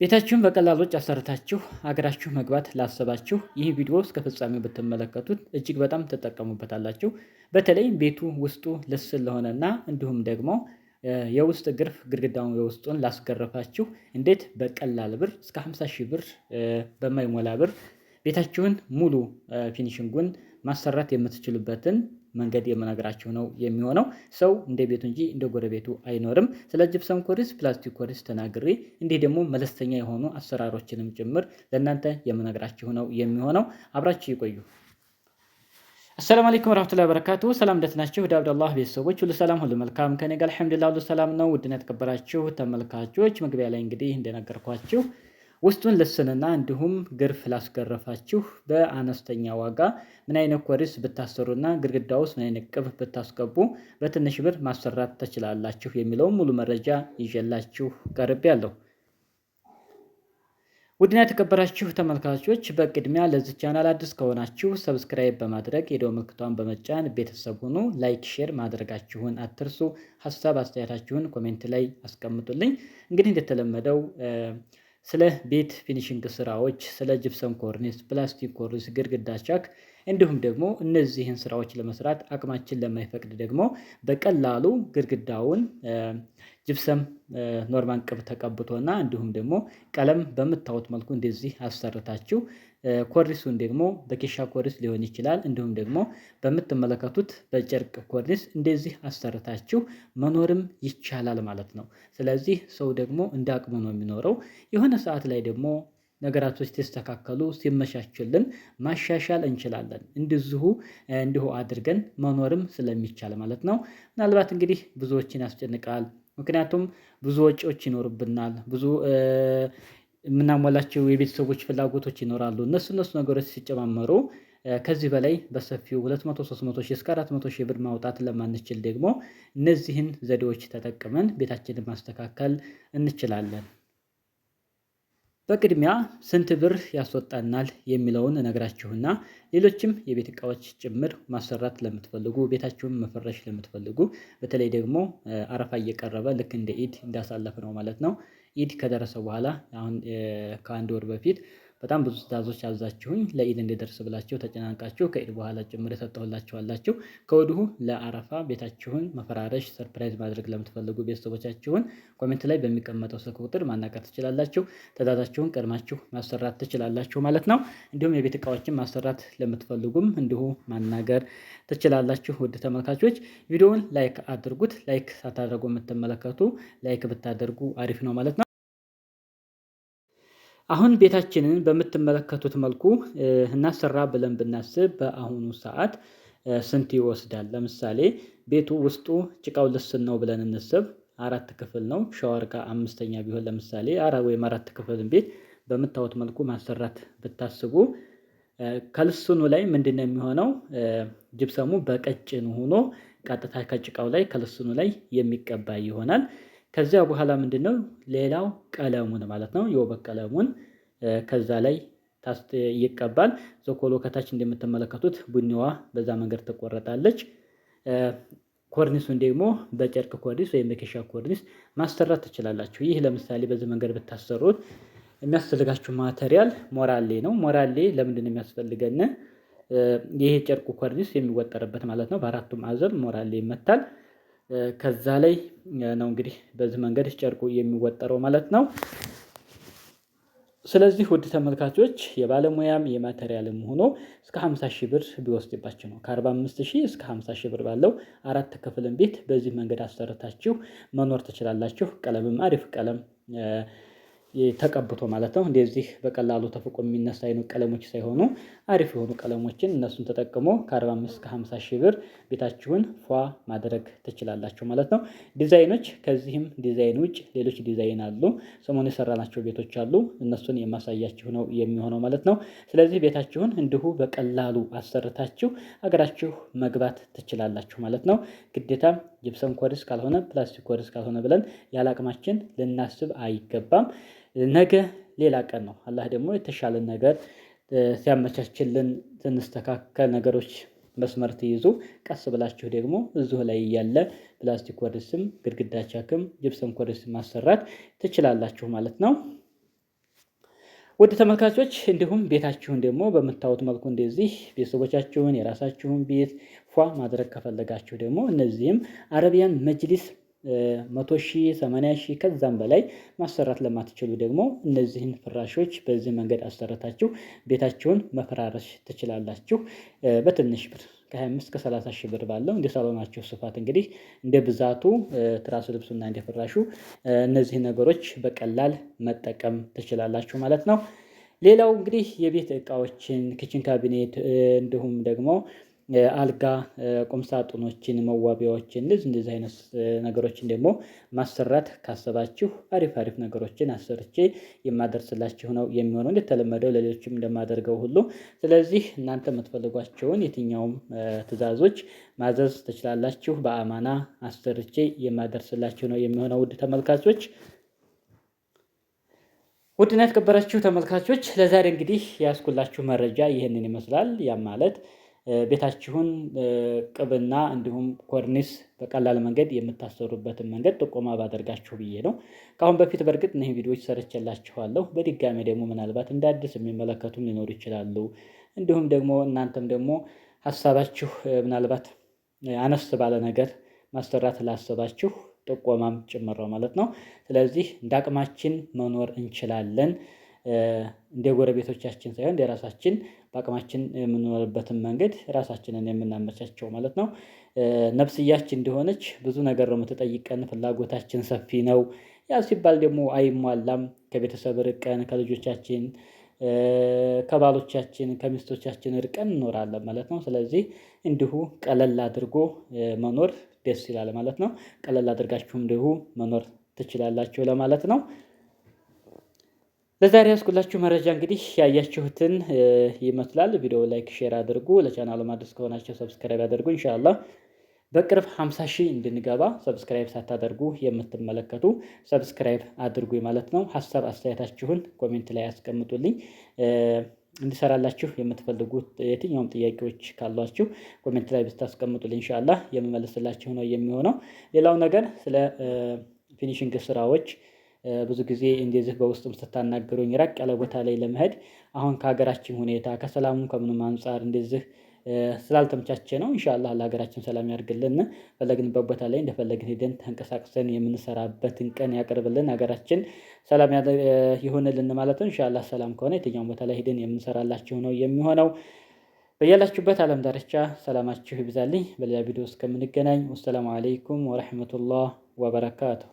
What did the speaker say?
ቤታችሁን በቀላል ወጪ አሰርታችሁ አገራችሁ መግባት ላሰባችሁ ይህ ቪዲዮ እስከ ፍጻሜው ብትመለከቱት እጅግ በጣም ትጠቀሙበታላችሁ። በተለይ ቤቱ ውስጡ ልስን ለሆነና እንዲሁም ደግሞ የውስጥ ግርፍ ግድግዳውን የውስጡን ላስገረፋችሁ እንዴት በቀላል ብር እስከ 50 ሺህ ብር በማይሞላ ብር ቤታችሁን ሙሉ ፊኒሽንጉን ማሰራት የምትችሉበትን መንገድ የምነግራችሁ ነው የሚሆነው። ሰው እንደ ቤቱ እንጂ እንደ ጎረቤቱ አይኖርም። ስለ ጅፕሰም ኮሪስ፣ ፕላስቲክ ኮሪስ ተናግሬ እንዲህ ደግሞ መለስተኛ የሆኑ አሰራሮችንም ጭምር ለእናንተ የምነግራችሁ ነው የሚሆነው። አብራችሁ ይቆዩ። አሰላሙ አለይኩም ወራህመቱላሂ በረካቱ። ሰላም እንደት ናችሁ? ዳውድ አላህ ቤተሰቦች ሁሉ ሰላም ሁሉ መልካም ከኔ ጋር አልሐምዱሊላህ ሁሉ ሰላም ነው። ውድና የተከበራችሁ ተመልካቾች መግቢያ ላይ እንግዲህ እንደነገርኳችሁ ውስጡን ልስንና እንዲሁም ግርፍ ላስገረፋችሁ በአነስተኛ ዋጋ ምን አይነት ኮሪስ ብታሰሩና ግድግዳ ውስጥ ምን አይነት ቅብ ብታስገቡ በትንሽ ብር ማሰራት ትችላላችሁ የሚለውን ሙሉ መረጃ ይዤላችሁ ቀርቤ ያለሁ። ውድና የተከበራችሁ ተመልካቾች በቅድሚያ ለዚህ ቻናል አዲስ ከሆናችሁ ሰብስክራይብ በማድረግ የደወል ምልክቷን በመጫን ቤተሰብ ሁኑ። ላይክ፣ ሼር ማድረጋችሁን አትርሱ። ሀሳብ አስተያየታችሁን ኮሜንት ላይ አስቀምጡልኝ። እንግዲህ እንደተለመደው ስለ ቤት ፊኒሽንግ ስራዎች፣ ስለ ጅፕሰም ኮርኒስ፣ ፕላስቲክ ኮርኒስ፣ ግድግዳ ቻክ እንዲሁም ደግሞ እነዚህን ስራዎች ለመስራት አቅማችን ለማይፈቅድ ደግሞ በቀላሉ ግድግዳውን ጅብሰም ኖርማን ቅብ ተቀብቶና እንዲሁም ደግሞ ቀለም በምታወት መልኩ እንደዚህ አሰርታችሁ ኮርኒሱን ደግሞ በኬሻ ኮርኒስ ሊሆን ይችላል። እንዲሁም ደግሞ በምትመለከቱት በጨርቅ ኮርኒስ እንደዚህ አሰርታችሁ መኖርም ይቻላል ማለት ነው። ስለዚህ ሰው ደግሞ እንደ አቅሙ ነው የሚኖረው። የሆነ ሰዓት ላይ ደግሞ ነገራቶች ሲስተካከሉ ሲመቻችልን ማሻሻል እንችላለን። እንዲሁ እንዲሁ አድርገን መኖርም ስለሚቻል ማለት ነው። ምናልባት እንግዲህ ብዙዎችን ያስጨንቃል ምክንያቱም ብዙ ወጪዎች ይኖርብናል፣ ብዙ የምናሟላቸው የቤተሰቦች ፍላጎቶች ይኖራሉ። እነሱ እነሱ ነገሮች ሲጨማመሩ ከዚህ በላይ በሰፊው 2300 ሺህ እስከ 400 ሺህ ብር ማውጣት ለማንችል ደግሞ እነዚህን ዘዴዎች ተጠቅመን ቤታችንን ማስተካከል እንችላለን። በቅድሚያ ስንት ብር ያስወጣናል የሚለውን እነግራችሁና ሌሎችም የቤት እቃዎች ጭምር ማሰራት ለምትፈልጉ ቤታችሁን መፈረሽ ለምትፈልጉ በተለይ ደግሞ አረፋ እየቀረበ ልክ እንደ ኢድ እንዳሳለፍ ነው ማለት ነው። ኢድ ከደረሰ በኋላ አሁን ከአንድ ወር በፊት በጣም ብዙ ትዕዛዞች አዛችሁኝ ለኢድ እንዲደርስ ብላችሁ ተጨናንቃችሁ ከኢድ በኋላ ጭምር የሰጠሁላችኋላችሁ። ከወዲሁ ለአረፋ ቤታችሁን መፈራረሽ፣ ሰርፕራይዝ ማድረግ ለምትፈልጉ ቤተሰቦቻችሁን ኮሜንት ላይ በሚቀመጠው ስልክ ቁጥር ማናገር ትችላላችሁ። ትዕዛዛችሁን ቀድማችሁ ማሰራት ትችላላችሁ ማለት ነው። እንዲሁም የቤት እቃዎችን ማሰራት ለምትፈልጉም እንዲሁ ማናገር ትችላላችሁ። ውድ ተመልካቾች ቪዲዮውን ላይክ አድርጉት። ላይክ ሳታደርጉ የምትመለከቱ ላይክ ብታደርጉ አሪፍ ነው ማለት ነው። አሁን ቤታችንን በምትመለከቱት መልኩ እናሰራ ብለን ብናስብ በአሁኑ ሰዓት ስንት ይወስዳል? ለምሳሌ ቤቱ ውስጡ ጭቃው ልስን ነው ብለን እንስብ። አራት ክፍል ነው። ሻወር ጋር አምስተኛ ቢሆን ለምሳሌ አራ ወይም አራት ክፍልን ቤት በምታዩት መልኩ ማሰራት ብታስቡ ከልስኑ ላይ ምንድን ነው የሚሆነው? ጅብሰሙ በቀጭን ሆኖ ቀጥታ ከጭቃው ላይ ከልስኑ ላይ የሚቀባ ይሆናል። ከዚያ በኋላ ምንድን ነው ሌላው ቀለሙን ማለት ነው የወበቅ ቀለሙን ከዛ ላይ ይቀባል። ዘኮሎ ከታች እንደምትመለከቱት ቡኒዋ በዛ መንገድ ትቆረጣለች። ኮርኒሱን ደግሞ በጨርቅ ኮርኒስ ወይም በኬሻ ኮርኒስ ማሰራት ትችላላችሁ። ይህ ለምሳሌ በዚህ መንገድ ብታሰሩት የሚያስፈልጋችሁ ማቴሪያል ሞራሌ ነው። ሞራሌ ለምንድን ነው የሚያስፈልገን? ይሄ ጨርቁ ኮርኒስ የሚወጠርበት ማለት ነው። በአራቱም ማዕዘን ሞራሌ ይመታል። ከዛ ላይ ነው እንግዲህ በዚህ መንገድ ጨርቁ የሚወጠረው ማለት ነው። ስለዚህ ውድ ተመልካቾች የባለሙያም የማቴሪያልም ሆኖ እስከ 50 ሺህ ብር ቢወስድባቸው ነው። ከ45 ሺህ እስከ 50 ሺህ ብር ባለው አራት ክፍልን ቤት በዚህ መንገድ አሰርታችሁ መኖር ትችላላችሁ። ቀለምም አሪፍ ቀለም ተቀብቶ ማለት ነው። እንደዚህ በቀላሉ ተፍቆ የሚነሳ አይነት ቀለሞች ሳይሆኑ አሪፍ የሆኑ ቀለሞችን እነሱን ተጠቅሞ ከ45 እስከ 50 ሺህ ብር ቤታችሁን ፏ ማድረግ ትችላላችሁ ማለት ነው። ዲዛይኖች ከዚህም ዲዛይን ውጭ ሌሎች ዲዛይን አሉ። ሰሞኑን የሰራናቸው ቤቶች አሉ። እነሱን የማሳያችሁ ነው የሚሆነው ማለት ነው። ስለዚህ ቤታችሁን እንዲሁ በቀላሉ አሰርታችሁ አገራችሁ መግባት ትችላላችሁ ማለት ነው። ግዴታ ጅብሰን ኮርስ ካልሆነ ፕላስቲክ ኮርስ ካልሆነ ብለን ያለ አቅማችን ልናስብ አይገባም። ነገ ሌላ ቀን ነው። አላህ ደግሞ የተሻለ ነገር ሲያመቻችልን ስንስተካከል ነገሮች መስመር ትይዙ ቀስ ብላችሁ ደግሞ እዚሁ ላይ እያለ ፕላስቲክ ኮርኒስም፣ ግድግዳ ቻክም፣ ጅብሰም ኮርኒስም ማሰራት ትችላላችሁ ማለት ነው። ውድ ተመልካቾች እንዲሁም ቤታችሁን ደግሞ በምታዩት መልኩ እንደዚህ ቤተሰቦቻችሁን የራሳችሁን ቤት ፏ ማድረግ ከፈለጋችሁ ደግሞ እነዚህም አረቢያን መጅሊስ መቶ ሺህ ሰማንያ ሺህ ከዛም በላይ ማሰራት ለማትችሉ ደግሞ እነዚህን ፍራሾች በዚህ መንገድ አሰረታችሁ ቤታችሁን መፈራረሽ ትችላላችሁ። በትንሽ ብር ከ25 እስከ 30 ሺህ ብር ባለው እንደ ሳሎናቸው ስፋት እንግዲህ እንደ ብዛቱ ትራስ ልብሱና እንደ ፍራሹ እነዚህን ነገሮች በቀላል መጠቀም ትችላላችሁ ማለት ነው። ሌላው እንግዲህ የቤት እቃዎችን ክችን ካቢኔት እንዲሁም ደግሞ አልጋ ቁም ሳጥኖችን መዋቢያዎችን እንደዚህ እንደዚህ አይነት ነገሮችን ደግሞ ማሰራት ካሰባችሁ አሪፍ አሪፍ ነገሮችን አሰርቼ የማደርስላችሁ ነው የሚሆነው እንደተለመደው ለሌሎችም እንደማደርገው ሁሉ። ስለዚህ እናንተ የምትፈልጓቸውን የትኛውም ትዕዛዞች ማዘዝ ትችላላችሁ በአማና አሰርቼ የማደርስላችሁ ነው የሚሆነው ውድ ተመልካቾች። ውድና የተከበራችሁ ተመልካቾች ለዛሬ እንግዲህ ያስኩላችሁ መረጃ ይህንን ይመስላል። ያም ማለት ቤታችሁን ቅብና እንዲሁም ኮርኒስ በቀላል መንገድ የምታሰሩበትን መንገድ ጥቆማ ባደርጋችሁ ብዬ ነው። ከአሁን በፊት በእርግጥ እነዚህ ቪዲዮዎች ሰርቼላችኋለሁ። በድጋሚ ደግሞ ምናልባት እንደ አዲስ የሚመለከቱም ሊኖሩ ይችላሉ። እንዲሁም ደግሞ እናንተም ደግሞ ሀሳባችሁ ምናልባት አነስ ባለ ነገር ማሰራት ላሰባችሁ ጥቆማም ጭምረው ማለት ነው። ስለዚህ እንደ አቅማችን መኖር እንችላለን። እንደ ጎረቤቶቻችን ሳይሆን እንደ ራሳችን በአቅማችን የምንኖርበትን መንገድ ራሳችንን የምናመቻቸው ማለት ነው። ነፍስያችን እንደሆነች ብዙ ነገር ነው የምትጠይቀን ፍላጎታችን ሰፊ ነው። ያ ሲባል ደግሞ አይሟላም ከቤተሰብ ርቀን ከልጆቻችን ከባሎቻችን ከሚስቶቻችን እርቀን እንኖራለን ማለት ነው። ስለዚህ እንዲሁ ቀለል አድርጎ መኖር ደስ ይላል ማለት ነው። ቀለል አድርጋችሁም እንዲሁ መኖር ትችላላችሁ ለማለት ነው ለዛሬ ያስኩላችሁ መረጃ እንግዲህ ያያችሁትን ይመስላል። ቪዲዮ ላይክ፣ ሼር አድርጉ። ለቻናሉ አዲስ ከሆናቸው ሰብስክራይብ አድርጉ። እንሻላ በቅርብ 50 ሺህ እንድንገባ ሰብስክራይብ ሳታደርጉ የምትመለከቱ ሰብስክራይብ አድርጉ ማለት ነው። ሀሳብ አስተያየታችሁን ኮሜንት ላይ ያስቀምጡልኝ። እንዲሰራላችሁ የምትፈልጉት የትኛውም ጥያቄዎች ካሏችሁ ኮሜንት ላይ ብታስቀምጡልኝ እንሻላ የምመለስላችሁ ነው የሚሆነው። ሌላው ነገር ስለ ፊኒሽንግ ስራዎች ብዙ ጊዜ እንደዚህ በውስጥም ስታናገሩኝ ራቅ ያለ ቦታ ላይ ለመሄድ አሁን ከሀገራችን ሁኔታ ከሰላሙ ከምንም አንፃር እንደዚህ ስላልተመቻቸ ነው። እንሻላ ለሀገራችን ሰላም ያድርግልን ፈለግንበት ቦታ ላይ እንደፈለግን ሄደን ተንቀሳቅሰን የምንሰራበትን ቀን ያቀርብልን ሀገራችን ሰላም ይሆንልን ማለት ነው። እንሻላ ሰላም ከሆነ የትኛውን ቦታ ላይ ሄደን የምንሰራላችሁ ነው የሚሆነው። በያላችሁበት አለም ዳርቻ ሰላማችሁ ይብዛልኝ። በሌላ ቪዲዮ እስከምንገናኝ ወሰላሙ አለይኩም ወረህመቱላህ ወበረካቱሁ